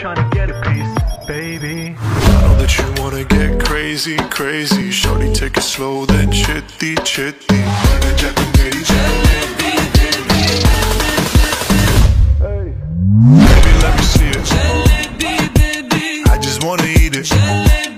trying to get a piece, baby I know that you wanna get crazy, crazy Shorty, take it slow, then chitty, chitty Hey Baby, let me see it I just wanna eat it